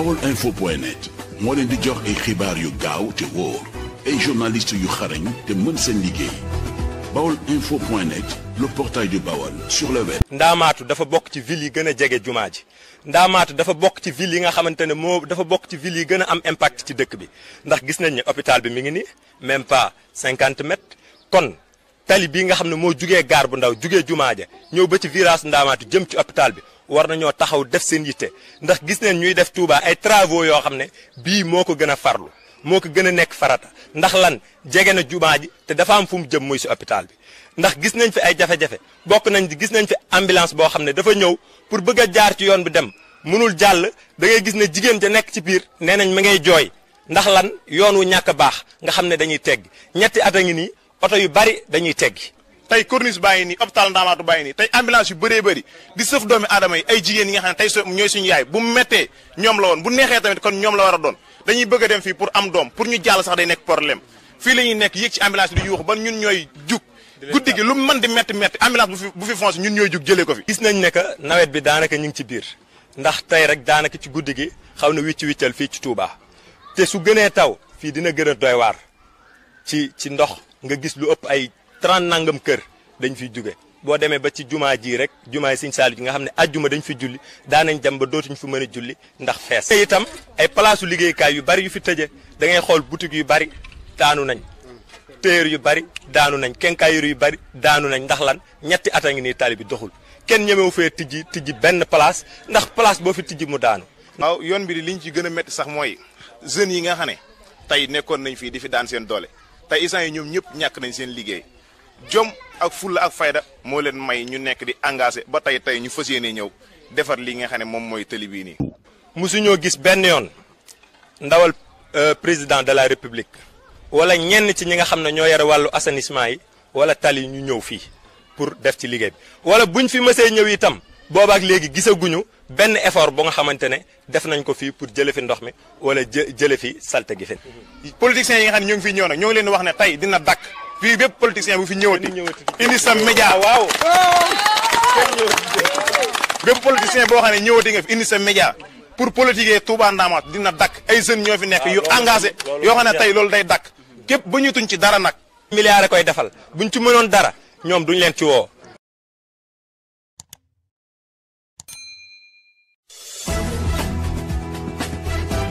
bawol info moo leen di jox ay xibaar yu gaaw te wóor yu xarañ seen liggéey bawol info point net le portail Ndaamaatu dafa bokk ci ville yi gën a jege jumaa ji Ndaamaatu dafa bokk ci ville yi nga xamante ne moo dafa bokk ci ville yi gën a am impact ci dëkk bi ndax gis nañ ne hôpital bi mi ngi ni même pas cinquante kon. tali bii nga xam ne moo jugee gaar bu ndaw jugee jumaa ja ñëw ba ci village ndaamaatu jëm ci hôpital bi war nañoo taxaw def seen yitte ndax gis neen ñuy def Touba ay travaux yoo xam ne bii moo ko gën a farlu moo ko gën a nekk farata ndax lan jege na jumaa ji te dafa am fu mu jëm muy si hôpital bi ndax gis nañ fi ay jafe-jafe bokk nañ gis nañ fi ambulance boo xam ne dafa ñëw pour bëgg a jaar ci yoon bi dem mënul jàll da gis ne jigéen ja nekk ci biir nee nañ ma ngay jooy ndax lan yoon wu ñàkk baax nga xam ne dañuy tegg ñetti at a ngi nii oto yu bari dañuy teggi tey corniche bàyyi nii hôpital Ndamaatu bàyyi nii tey ambulance yu bëree bëri di sëf doomi aadama yi ay jigéen yi nga xam ne tey so ñooy suñu yaay bu méttee ñoom la woon bu neexee tamit kon ñoom la war a doon dañuy bëgg dem fi pour am doom pour ñu jàll sax day nekk problème fii la ñuy nekk yéeg ci ambulance di yuuxu ba ñun ñooy jug guddi gi lu mën di métti métti ambulance bu fi bu fi foncé ñun ñooy jug jëlee ko fi gis nañ ne que nawet bi daanaka ñu ngi ci biir ndax tey rek daanaka ci guddi gi xaw na wicc wiccal fii ci Touba te su gënee taw fii dina gën a doy waar ci ndox nga gis lu ëpp ay 30 nangam kër dañ fiy juge boo demee ba ci jumaa ji rek jumaa siñ Sëñ Saaliw nga xam ne ajjuma dañ fi julli daanañ dem ba dootuñ fu mën a julli ndax fees te itam ay palaasu liggéeykaay yu bari yu fi tëje da ngay xool boutique yu bari daanu nañ téer yu bari daanu nañ kenkaayir yu bari daanu nañ ndax lan ñetti at a ngi nii tali bi doxul kenn ñemewu fee tijji tijji benn place ndax place boo fi tijji mu daanu waaw yoon bi di liñ ci gën a métti sax mooy jeunes yi nga xam ne tey nekkoon nañ fii di fi daan seen doole tey isaan yi ñoom ñëpp ñàkk nañ seen liggéey jom ak fulla ak fayda moo leen may ñu nekk di engagé ba tey tey ñu fas yéene ñëw defar li nga xam ne moom mooy tëli bii nii. mosuñoo gis benn yoon ndawal euh, président de la république wala ñenn ci ñi nga xam ne ñoo yore wàllu assainissement yi wala yi ñu ñëw fii pour def ci liggéey bi bu buñ fi mësee ñëw itam boobaak léegi gisaguñu benn effort bu nga xamante ne def nañ ko fii pour jële fi ndox mi wala jë jële fi salte gi fi. politiciens yi nga ñoo fi ñëw nag ñoo leen wax ne tey dina dakk bii bépp politicien bu fi ñëwati indi sa média ah, waaw bépp politicien boo xam ne ñëwati nga fi indi sa média pour politiquer Touba Ndamaat dina dakk ay jeunes ñoo fi nekk yu ah, engagé yoo xam ne tey loolu day dakk képp ba ñu tuñ ci dara nag milliards koy defal buñ ci mënoon dara ñoom duñu leen ci woo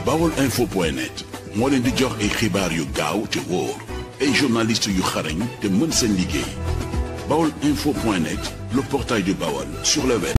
Baol info point moo leen di jox ay xibaar ay journaliste yu xarañ te mën seen liggéey Baol info point net le portail du Baol sur le web